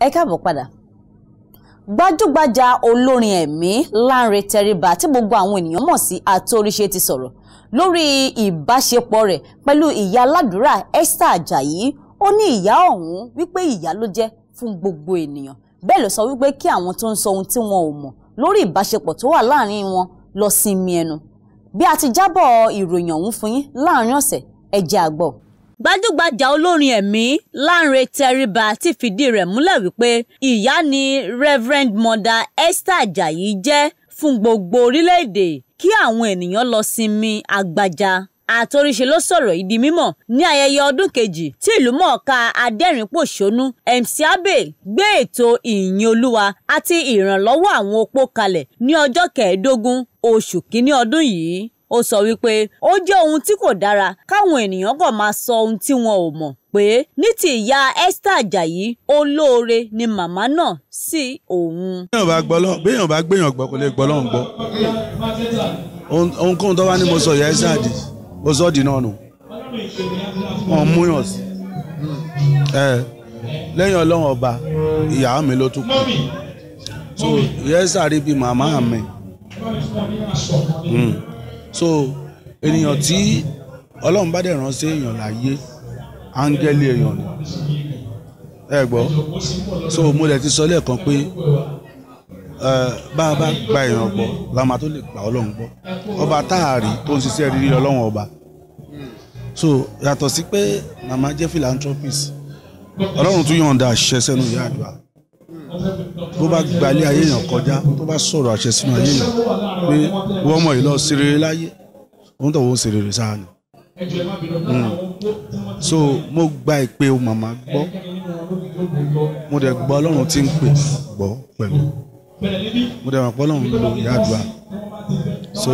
ẹ káàbọ̀ padà gbajúgbajà olórin ẹ̀mí Lánre Tẹríba tí gbogbo àwọn ènìyàn mọ̀ sí Atóríṣe ti sọ̀rọ̀ lórí ìbáṣepọ̀ rẹ̀ pẹ̀lú ìyá aládùúrà Esther Ajayi ó ní ìyá ọ̀hún wípé ìyá ló jẹ́ fún gbogbo ènìyàn bẹ́ẹ̀ ló sọ wípé kí àwọn tó ń sọ ohun tí wọn ò mọ̀ lórí ìbáṣepọ̀ tó wà láàrin wọn lọ sinmi ẹnu bí a ti jábọ̀ ìròyìn ọ̀hún fún yín láàrin ọ̀sẹ̀ ẹ àgbọ̀ gbajúgbajà olórin ẹ̀mí Lánre Tẹríba ti fìdí rẹ̀ múlẹ̀ wípé ìyá ni Reverend Mother Esther Ajayi jẹ́ fún gbogbo orílẹ̀-èdè kí àwọn ènìyàn lọ sinmi àgbàjá àtòríṣe ló sọ̀rọ̀ ìdí mímọ̀ ní ayẹyẹ ọdún kejì tí ìlúmọ̀ọ́ká adẹ́rìn-pòṣónú MC Abbey gbé ètò ìyìn olúwa àti ìrànlọ́wọ́ àwọn opó kalẹ̀ ní ọjọ́ kẹẹ̀ẹ́dógún oṣù kínní ọdún yìí ó sọ wípé ó jẹ́ ohun tí kò dára káwọn ènìyàn kàn máa sọ ohun tí wọn ò mọ̀ pé ní ti ìyá Esther Ajayi olóore ni màmá náà sí òun. béèyàn bá gbọ́ lọ béèyàn bá gbéyàn gbọ́ kò lè gbọ́ lọ́hùn gbọ́ ohunkóhun tó bá ní mo sọ ìyá Esther Ajayi mo sọ dì náà nù wọn mú yàn sí lẹ́yìn Ọlọ́run ọba ìyá mi ló tún kù so ìyá Esther rí bí màmá mi. Hmm. so ènìyàn tí ọlọ́run bá dẹ̀ sí èèyàn láyé áńgẹ́lì èèyàn ni ẹ gbọ́ so mo dẹ̀ ti sọ lẹ́ẹ̀kan pé bá gba èèyàn gbọ́ la máa tó lè gba ọlọ́run gbọ́ ọba táàrí tó ń ṣiṣẹ́ rírí ọlọ́run ọba so yàtọ̀ sí pé màmá jẹ́ philanthropist ọlọ́run tún yọ̀ǹda àṣẹ sẹ́nu ìyá àdúrà bó bá gbalé ayé èèyàn kọjá tó bá sọ̀rọ̀ àṣẹ sínú ayé èèyàn pé wọ́n mọ̀ yìí lọ sí láyé òun tó wọ́n sí hmm. so mo gba ìpè o màmá gbọ́ mo dẹ̀ gbọ́ ọlọ́run tí ń pè gbọ́ pẹ̀lú mo dẹ̀ mọ̀ pé ọlọ́run ló yá àdúrà so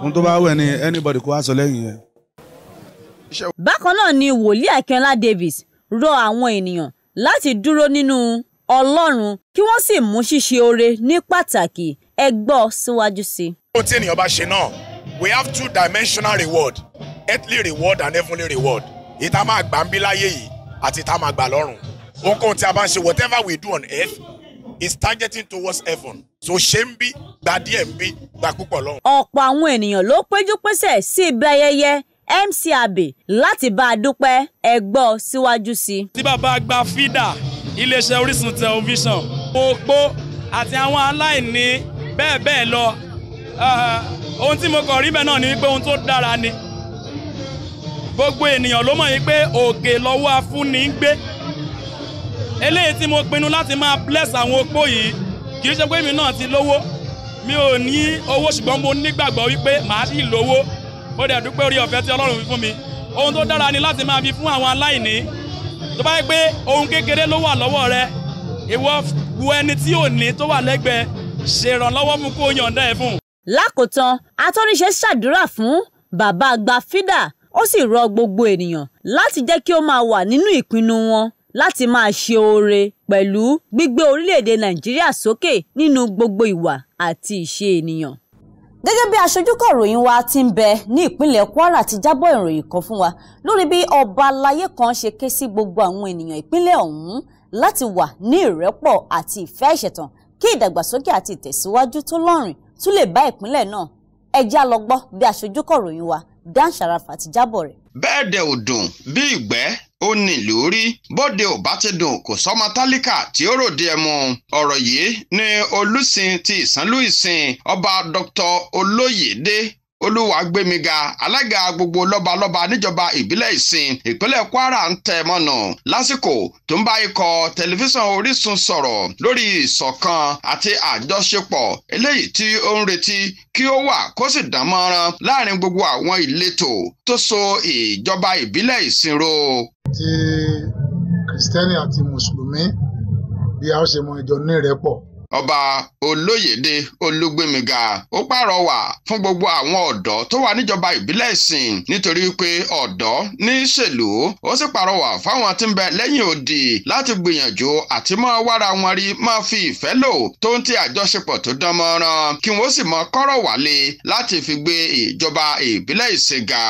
ohun tó bá wẹ̀ ni anybody kó wá sọ lẹ́yìn yẹn. bákan náà ni wòlíì akínọlá davis rọ àwọn ènìyàn láti dúró nínú Ọlọ́run kí wọ́n sì mú ṣíṣe oore ní pàtàkì ẹ gbọ́ síwájú sí i. tí ènìyàn bá ṣe náà we have two dimensional reward earthly reward and heavenly reward èyí tá a máa gbà ń bí láyé yìí àti tá máa gbà lọ́run ohunkóhun tí a bá ń ṣe whatever we do on earth is targeting towards heaven so ṣé ń bí gba díẹ̀ ń bí gba púpọ̀ lọ́run. ọ̀pọ̀ àwọn ènìyàn ló péjú pésẹ̀ sí ibi ayẹyẹ MC Abbey láti bá a dúpẹ́ ẹ gbọ́ síwájú sí tí bàbá gba fídà iléeṣẹ́ Orísun tẹlifíṣàn opó àti àwọn aláìní bẹ́ẹ̀ bẹ́ẹ̀ lọ eh, ohun tí mo kàn rí bẹ́ẹ̀ náà ni wípé ohun tó dára ni gbogbo ènìyàn ló mọ̀ yìí pé òkè lọ́wọ́ afúnni ń gbé eléyìí tí mo pinnu láti máa bless àwọn opó yìí kì í ṣe pé èmi náà ti lówó mi ò ní owó ṣùgbọ́n mo nígbàgbọ́ wípé màá sì lówó mo dẹ̀ dúpẹ́ orí ọ̀fẹ́ tí Ọlọ́run fi fún mi ohun tó dára ni láti máa fi fún àwọn aláìní tó bá yẹ pé ohun kékeré ló wà lọ́wọ́ rẹ ìwọ wo ẹni tí ò ní tó wà lẹ́gbẹ̀ẹ́ ṣèrànlọ́wọ́ mú kó yọ̀ǹda ẹ̀ fún. lákòótán atọ́niṣe ṣàdúrà fún bàbá àgbà fídà ó sì rọ gbogbo ènìyàn láti jẹ́ kí ó máa wà nínú ìpinnu wọn láti máa ṣe oore pẹ̀lú gbígbé orílẹ̀-èdè nàìjíríà sókè nínú gbogbo ìwà àti ìṣe ènìyàn gẹ́gẹ́ bí aṣojú kọ̀ròyìn wa ti ń bẹ ní ìpínlẹ̀ Kwara ti jábọ̀ ìròyìn kan fún wa lórí bí ọba aláyé kan ṣe ké sí gbogbo àwọn ènìyàn ìpínlẹ̀ ọ̀hún láti wà ní ìrẹ́pọ̀ àti ìfẹ́ ìṣẹ̀tàn kí ìdàgbàsókè àti ìtẹ̀síwájú tó lọ́rìn tún lè bá ìpínlẹ̀ náà ẹ lọ gbọ́ bí aṣojú kọ̀ròyìn wa Dan Sharafa ti jábọ̀ rẹ̀. bẹ́ẹ̀ dẹ̀ ò dùn bí ìgbẹ́ ó ní lórí bóde ò bá ti dùn kò sọmọ tálíkà tí ó ròde ẹ mu ọ̀rọ̀ yìí ní olùsìn ti ìsánlú ìsìn ọba dr olóyèdè olúwàgbémiga alága gbogbo lọ́balọ́ba níjọba ìbílẹ̀ ìsìn ìpínlẹ̀ kwara ń tẹ̀ mọ́nà lásìkò tó ń bá ikọ̀ tẹlifíṣàn orísun sọ̀rọ̀ lórí ìṣọ̀kan àti àjọṣepọ̀ eléyìí tí ó ń retí kí ó wà kó sì dán mọ́ran láàrin gbogbo àwọn ìletò tó so ìjọba ìbílẹ̀ ìsìn ro. ti kristẹni àti mùsùlùmí bí a ó ṣe mọ ìjọ ní ìrẹ́pọ̀ ọba olóyèdè olúgbémiga ó pàrọwà fún gbogbo àwọn ọ̀dọ́ tó wà níjọba ìbílẹ̀ ìsìn nítorí pé ọ̀dọ́ ní ìṣèlú ó sì pàrọwà fáwọn tí ń bẹ lẹ́yìn odi láti gbìyànjú àti máa wára wọn rí máa fi ìfẹ́ lò tó ń ti àjọṣepọ̀ tó dán mọ́rán kí wọ́n sì mọ kọ́rọ̀ wálé láti fi gbé ìjọba ìbílẹ̀ ìsìn ga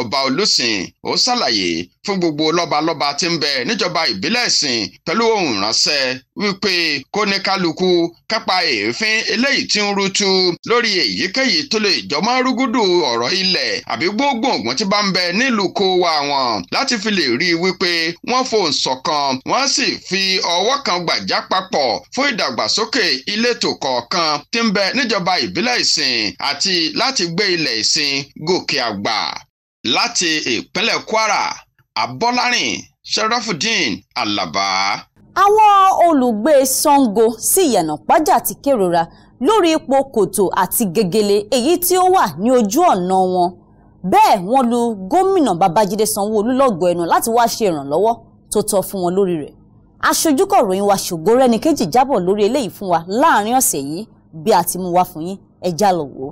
ọba olùsìn ó ṣàlàyé fún gbogbo lọ́balọ́ba tí ń bẹ níjọba ìbílẹ̀ ìsìn pẹ̀lú ohun ìránṣẹ́ wípé kóníkálukú kápá èéfín eléyìí tí ń rutu lórí èyíkéyìí tó lè jọmọ́ rúgúdù ọ̀rọ̀ ilẹ̀ àbí gbóògùn ògùn tí bá ń bẹ nílùú kó wa wọn láti fi lè rí i wípé wọ́n fohùn ṣọ̀kan wọ́n sì fi ọwọ́ kan gbàjá papọ̀ fún ìdàgbàsókè ìletò kọ̀ọ̀kan tí ń bẹ níjọba ìbílẹ̀ ìsìn àti láti gbé ilẹ̀ ìsìn gòkè àgbà láti ìpínlẹ̀ Kwara Abọ́lárìn Sharafudeen Alaba àwọn olùgbé Ṣàngó sí ìyànàpájà ti kérora lórí ipò kòtò àti gegele èyí tí ó wà ní ojú ọ̀nà wọn bẹ́ẹ̀ wọ́n lu gómìnà Babájídé Sanwó-Olú lọ́gọ̀ọ́ ẹnu láti wáá ṣe ìrànlọ́wọ́ tó tọ́ fún wọn lórí rẹ̀ aṣojúkọ̀ròyìn wa Ṣògorẹ́nikejì jábọ̀ lórí eléyìí fún wa láàrin ọ̀sẹ̀ yìí bí a ti mú wa fún yín ẹ já lọ wò ó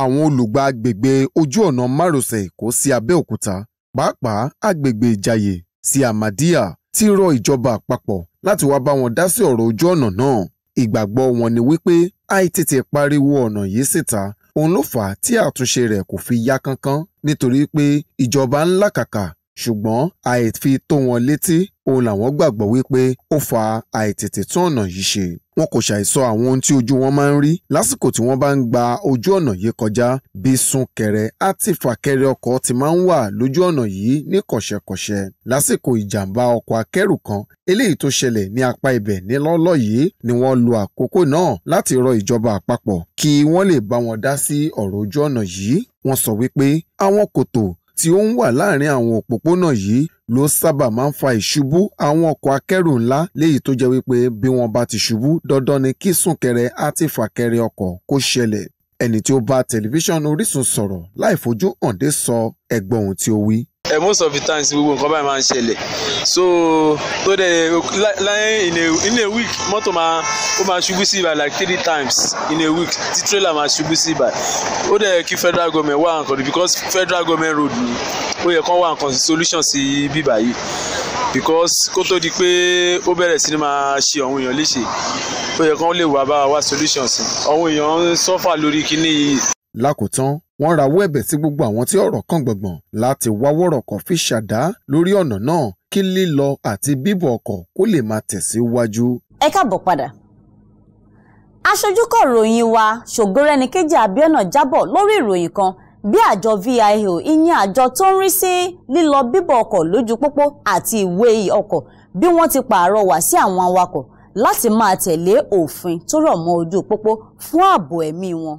àwọn olùgbà agbègbè ojú ọ̀nà márosẹ̀ èkó sí abẹ́òkúta pàápàá agbègbè ìjàyè sí Ahmadiyya ti rọ ìjọba àpapọ̀ láti wá bá wọn dá sí ọ̀rọ̀ ojú ọ̀nà náà. Ìgbàgbọ́ wọn ni wípé àìtètè pariwo ọ̀nà yìí síta òun ló fà á tí àtúnṣe rẹ̀ kò fi yá kánkán nítorí pé ìjọba ń làkàkà Ṣùgbọ́n àìfi tó wọn létí ohun làwọn gbàgbọ́ wí pé ó fa àìtètè̀tún-ọ̀nà yìí ṣe. Wọn kò ṣàì sọ àwọn ohun tí ojú wọn máa ń rí lásìkò tí wọ́n bá ńgba ojú-ọ̀nà yìí kọjá bí súnkẹrẹ àti fàkẹrẹ ọkọ̀ ti máa ńwà lójú ọ̀nà yìí ní kọ̀ṣẹ̀kọ̀ṣẹ̀ lásìkò ìjàm̀bá ọkọ̀ akẹ́rù kan eléyìí tó ṣẹlẹ̀ ní apá ibẹ̀ nílọ́ọ̀lọ́ yìí ni wọ́n lo àkókò náà láti rọ ìjọba àpapọ̀ kí wọ́n leè báwọn dásí ọ̀rọ̀ ojú ọ̀nà yìí. Wọ́n sọ wí àwọn kòtò tí ó ń wà láàárín àwọn òpópónà yìí ló sábà máa ń fa ìṣubú àwọn ọkọ̀ akẹ́rù ńlá léyìí tó jẹ́ wípé bí wọ́n bá ti ṣubú dandan ni kí súnkẹrẹ àti fàkẹrẹ ọkọ̀ kó ṣẹlẹ̀ ẹni tí ó bá tẹlifíṣàn Orísun sọ̀rọ̀ láì fojú hànde sọ ẹgbọ́n tí ó wí ẹ eh, most of the times we nǹkan come máa ń ṣẹlẹ̀ so tó dẹ̀ láyé in a in a week mọ́tò máa ó máa ṣubú sí ibà like three times in a week The trailer máa ṣubú sí ibà ó dẹ̀ kí federal government wá nǹkan because federal government road ni ó yẹ kán wá nǹkan solution sí bíbà yìí because kó tó di pé ó bẹ̀rẹ̀ sí ni máa ṣe àwọn èèyàn léṣe ó yẹ kán lè wá bá wa solution sí àwọn èèyàn ń sọ́fà lórí kinní yìí. lákòótán wọ́n rawọ́ ẹ̀bẹ̀ sí gbogbo àwọn tí ọ̀rọ̀ kàn gbọ̀ngbọ̀n láti wá wọ́rọ̀kọ̀ fi ṣàdá lórí ọ̀nà náà kí lílọ àti bíbọ̀ ọkọ̀ kó lè máa tẹ̀síwájú. ẹ káàbọ̀ padà aṣojúkọ̀ ròyìn wa ṣògorẹ́nìkejì abiona jábọ̀ lórí ìròyìn kan bí àjọ VIO ìyẹn àjọ tó ń rí sí lílọ bíbọ̀ ọkọ̀ lójú pópó àti ìwé ọkọ̀ bí wọ́n ti pààrọwà sí àwọn awakọ̀ láti máa tẹ̀lé òfin tó rọ̀ mọ́ ojú pópó fún ààbò ẹ̀mí wọn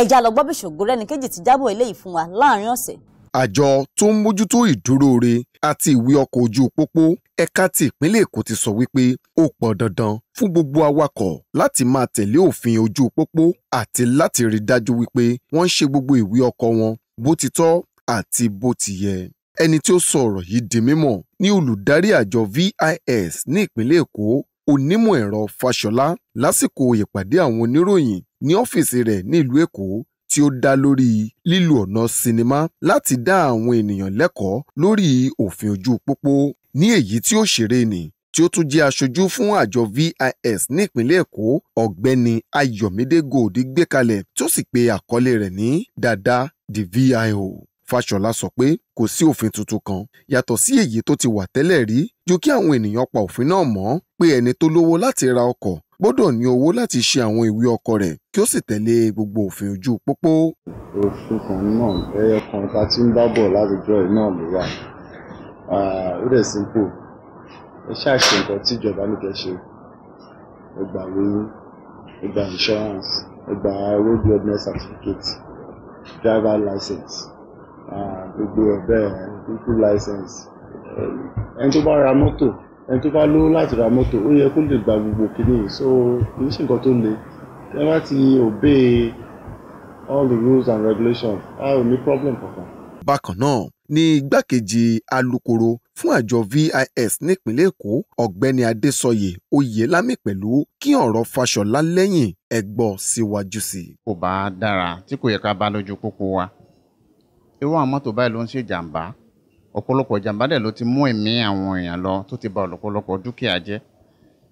ẹ̀já lọ gbọ́ bí Ṣògorẹ́nìkejì ti jábọ̀ eléyìí fún wa láàrin ọ̀sẹ̀. àjọ tó ń mójútó ìdúróore àti ìwé ọkọ̀ ojú pópó ẹ̀ka ti ìpínlẹ̀ Èkó ti sọ wípé ó pọn dandan fún gbogbo awakọ̀ láti máa tẹ̀lé òfin ojú pópó àti láti rí dájú wípé wọ́n ṣe gbogbo ìwé ọkọ̀ wọn bó ti tọ́ àti bó ti yẹ ẹni tí ó sọ ọ̀rọ̀ yìí di mímọ̀ ní olùdarí àjọ VIS ní ìpínlẹ̀ Èkó onímọ̀ ẹ̀rọ Fáṣọlá lásìkò ìpàdé àwọn oníròyìn ní ọ́fíìsì rẹ̀ nílùú Èkó tí ó dá lórí lílo ọ̀nà sinimá láti dá àwọn ènìyàn lẹ́kọ̀ọ́ lórí òfin ojú pópó. Ní èyí tí òṣèré nì tí ó tún jẹ́ aṣojú fún àjọ VIS ní ìpínlẹ̀ Èkó ọ̀gbẹ́ni Ayọ̀mídé Gold gbé kalẹ̀ tí ó sì pe àkọlé rẹ̀ ní Dada the VIO. Fáṣọlá sọ pé kò sí òfin tuntun kan yàtọ̀ sí èyí tó ti wà tẹ́lẹ̀ rí ju kí àwọn ènìyàn pa òfin náà mọ́ pé ẹni tó lówó láti ra ọkọ̀ gbọ́dọ̀ ní owó láti ṣe àwọn ìwé ọkọ̀ rẹ̀ kí ó sì tẹ̀lé gbogbo òfin ojú pópó. òfin kan náà ẹyọ kan tá a ti ń bá bọ̀ láwùjọ yìí náà ló wà ó dẹ̀ sípò ẹ ṣàṣe nǹkan tí ìjọba ní kẹ́ ṣe ẹ gbà lóyún ẹ gbà insurance ẹ gbà road wellness certificate driver license gbogbo ẹ̀ bẹ́ẹ̀ vehicle license ẹni tó bá ra mọ́tò ẹni tó bá lówó láti ra mọ́tò ó yẹ kó lè gba gbogbo kìíní so kì í ṣe nǹkan tó le ẹ bá ti obey all the rules and regulations a ò ní problem kankan. bákan náà ni igbákejì alukoro fún àjọ vis nípínlẹ̀ èkó ọ̀gbẹ́ni adésọyè oyèlámì pẹ̀lú kí ọ̀rọ̀ fàṣọlá lẹ́yìn ẹgbọ́ síwájú sí i. kò bá dára tí kò yẹ ká bá lójú pópó wa irú àwọn mọ́tò báyìí ló ń ṣèjàmbá ọ̀pọ̀lọpọ̀ ìjàmbá dẹ̀ ló ti mú ẹ̀mí àwọn èèyàn lọ tó ti bà ọ̀pọ̀lọpọ̀ dúkìá jẹ́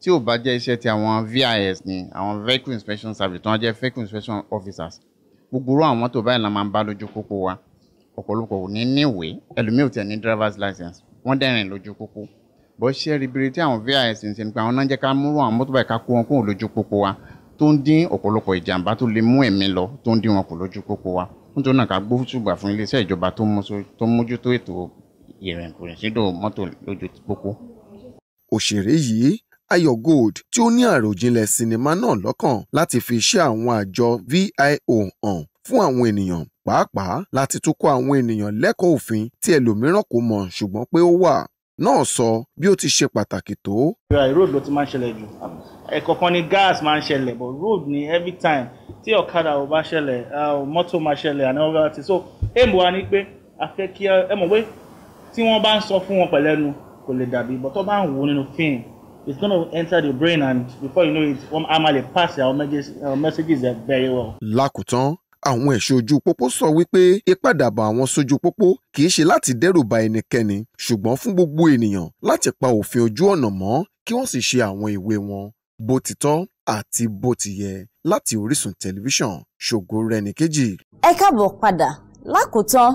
tí ò bá jẹ́ iṣẹ́ ti àwọn VIS ni àwọn vehicle inspection service tó ń jẹ́ vehicle inspection officers gbogbo àwọn mọ́tò báyìí la máa ń bá lójú pópó wa ọ̀pọ̀lọpọ̀ ò ní níwèé ẹlòmíì ò tiẹ̀ ní driver's license wọ́n dẹ̀rìn lójú pópó bó ṣe ribiri tí àwọn VIS ń ṣe ni pé àwọn náà jẹ́ ká múrò àwọn mọ́tò báyìí ká kó wọn kúrò lójú pópó wa tó ń dín ọ̀pọ̀lọpọ̀ ìjàmbá tó lè mú ẹ̀mí lọ tó ń dín wọn kù lójú pópó wa nítorí náà ká gbóṣùgbà fún iléeṣẹ́ ìjọba tó mójútó ètò ìrìn kò rìn sídò mọ́tò lójú pópó. òṣèré yìí Ayọ̀ Gold tí ó ní àròjinlẹ̀ sinimá náà lọ́kàn láti fi iṣẹ́ àwọn àjọ VIO hàn fún àwọn ènìyàn pàápàá láti tún kọ́ àwọn ènìyàn lẹ́kọ̀ọ́ òfin tí ẹlòmíràn kò mọ̀ ṣùgbọ́n pé ó wà náà sọ bí ó ti ṣe pàtàkì tó. road ló ti máa ń ṣẹlẹ̀ jù ẹ̀kọ̀ọ̀kan ni gas máa ń ṣẹlẹ̀ but road ni every time tí ọ̀kadà ò bá ṣẹlẹ̀ uh, mọ́tò máa ṣẹlẹ̀ àná ọ̀gá ti so èèmù wa ni pé a fẹ́ kí ẹ mọ̀ pé tí wọ́n bá ń sọ fún wọn pẹ̀lẹ́nu kò lè dàbí but tó bá ń wò ó nínú fíìmù it's gonna enter the brain and before you know it wọ́n á máa lè pass our messages, our messages very well. lákòótán àwọn ẹ̀ṣọ́ ojú pópó sọ wípé ìpadàbọ̀ àwọn sójú pópó kì í ṣe láti dẹ́rù ba ẹnikẹ́ni ṣùgbọ́n fún gbogbo ènìyàn láti pa òfin ojú ọ̀nà mọ́ kí wọ́n sì ṣe àwọn ìwé wọn bó ti tọ́ àti bó ti yẹ láti Orísun tẹlifíṣàn ṣògo rẹni kejì. ẹ káàbọ̀ padà lákòótán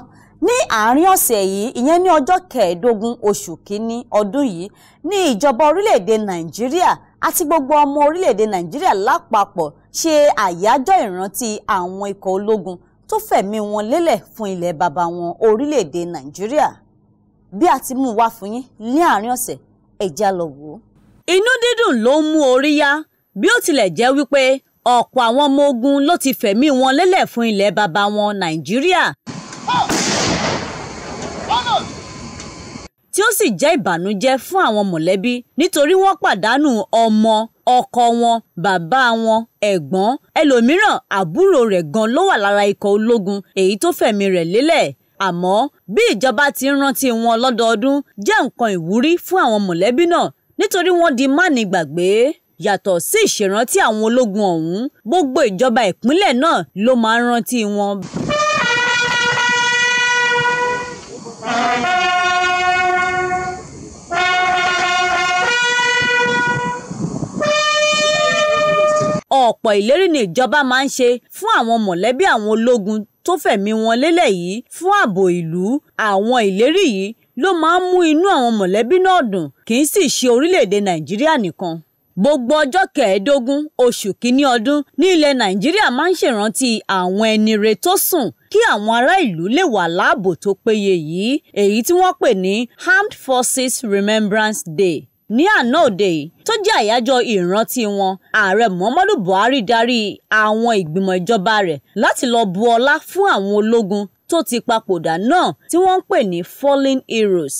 ní àárín ọ̀sẹ̀ yìí ìyẹn ní ọjọ́ kẹẹ̀ẹ́dógún oṣù kínní ọdún yìí ní ìjọba orílẹ̀-èdè nàìjíríà àti gbogbo ọmọ orílẹ̀-èdè nàìjíríà lápapọ̀ ṣe àyájọ́ ìrántí àwọn ikọ̀ ológun tó fẹ̀mí wọn lélẹ̀ fún ilẹ̀ baba wọn orílẹ̀-èdè nàìjíríà bí a ti mú wá fún yín ní àárín ọ̀sẹ̀ ẹ̀já lọ wò inú dídùn ló ń mú orí yá bí ó tilẹ̀ jẹ́ wípé ọ̀pọ̀ àwọn ọmọ ogun ló ti fẹ̀mí wọn lélẹ̀ fún ilẹ̀ baba wọn nàìjíríà tí ó sì jẹ́ ìbànújẹ́ fún àwọn mọ̀lẹ́bí nítorí wọ́n pàdánù ọmọ ọkọ wọn bàbá wọn ẹ̀gbọ́n ẹlòmíràn àbúrò rẹ̀ gan ló wà lára ikọ̀ ológun èyí tó fẹ̀mí rẹ̀ lélẹ̀ àmọ́ bí ìjọba ti ń rántí wọn lọ́dọọdún jẹ́ nǹkan ìwúrí fún àwọn mọ̀lẹ́bí náà nítorí wọ́n di máàní gbàgbé yàtọ̀ sí ìṣèrántí àwọn ológun ọ̀hún gbogbo ìjọba ìpínlẹ̀ náà ló máa ń rántí wọn. ọ̀pọ̀ ìlérí ni ìjọba máa ń ṣe fún àwọn mọ̀lẹ́bí àwọn ológun tó fẹ̀mí wọn lélẹ̀ yìí fún ààbò ìlú àwọn ìlérí yìí ló máa ń mú inú àwọn mọ̀lẹ́bí náà dùn kì í sì ṣe orílẹ̀-èdè nàìjíríà nìkan gbogbo ọjọ́ kẹẹ̀ẹ́dógún oṣù kínní ọdún ní ilẹ̀ nàìjíríà máa ń ṣèrántí àwọn ẹni re tó sùn kí àwọn ará ìlú lè wà láàbò tó péye yìí èyí tí wọ́n pè ní Armed Forces Remembrance Day ní àná òde yìí tó jẹ́ àyájọ́ ìrántí wọn ààrẹ muhammadu buhari darí àwọn ìgbìmọ̀ ìjọba rẹ̀ láti lọ bu ọlá fún àwọn ológun tó ti papòdà náà tí wọ́n ń pè ní fallen heroes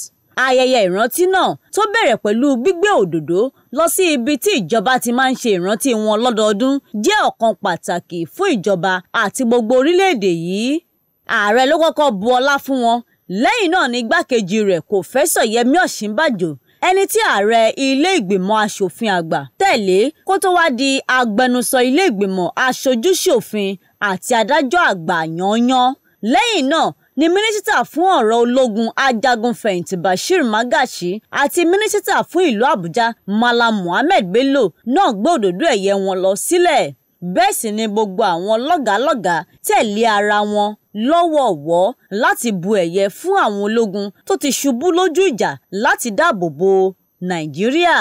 ayẹyẹ ìrántí náà tó bẹ̀rẹ̀ pẹ̀lú gbígbé òdòdó lọ sí ibi tí ìjọba ti máa ń ṣe ìrántí wọn lọ́dọọdún jẹ́ ọ̀kan pàtàkì fún ìjọba àti gbogbo orílẹ̀-èdè yìí ààrẹ ló kọ́kọ́ bu ọlá fún wọn lẹ́yìn náà ni igbákejì rẹ̀ kò fẹ́ sọ̀yẹmí ọ̀ṣínbàjò ẹni tí ààrẹ ilé ìgbìmọ̀ asòfin àgbà tẹ̀lé kó tó wá di agbẹnusọ ilé ìgbìmọ̀ aṣojúṣòfin àti adájọ́ àgbà yanyan lẹ́yìn náà ni mínísítà fún ọ̀rọ̀ ológun ajagunfẹ̀yìntì bashir magashi àti mínísítà fún ìlú àbújá malam muhammed bello náà gbé òdòdó ẹ̀yẹ wọn lọ sílẹ̀ bẹ́ẹ̀ sì ni gbogbo àwọn lọ́gàálọ́gàá tẹ̀lé ara wọn lọ́wọ̀ọ̀wọ́ láti bu ẹ̀yẹ fún àwọn ológun tó ti ṣubú lójú ìjà láti dáàbò bo Nàìjíríà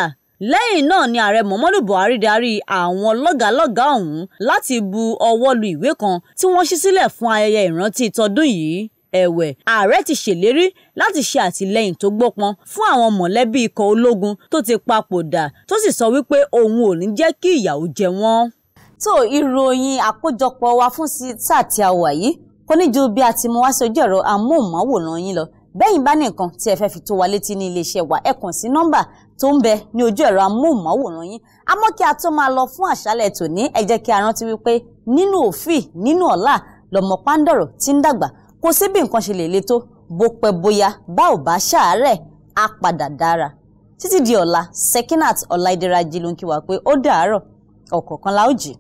lẹ́yìn náà ni ààrẹ Muhammadu Buhari darí àwọn lọ́gàálọ́gàá ọ̀hún láti bu ọwọ́ lu ìwé kan tí wọ́n ṣí sílẹ̀ fún ayẹyẹ ìrántí tọdún yìí ẹ̀wẹ̀ ààrẹ ti ṣèlérí láti ṣe àtìlẹ́yìn tó gbópọn fún àwọn mọ̀lẹ́bí ikọ̀ ológun tó ti papòdà tó sì sọ wípé òun ò ní jẹ́ kí ìyàwó jẹ wọ́n. tó ìròyìn àkójọpọ̀ wa fún sí sáà tí a wà yìí kò ní ju bí a ti mú wá sí ojú ẹ̀rọ amóhùnmáwòrán yín lọ bẹ́yìn bá ní tí ẹ fẹ́ fi tó wa létí ní iléeṣẹ́ wa ẹ kàn sí nọ́mbà tó ń bẹ ní ojú ẹ̀rọ amóhùnmáwòrán yín àmọ́ kí a tó máa lọ fún àṣálẹ̀ tòní ẹ jẹ́ kí a rántí wípé nínú òfì nínú ọ̀la lọ́mọ pándọ̀rọ̀ tí ń dàgbà kò sí bí nǹkan ṣe lè le tó bó pẹ́ bóyá bá ò bá ṣàárẹ̀ á padà dára títí di ọ̀la Sekinat Ọláìdẹ́rajì ló ń pé ó dàárọ̀ ọ̀kọ̀ọ̀kan la ó jì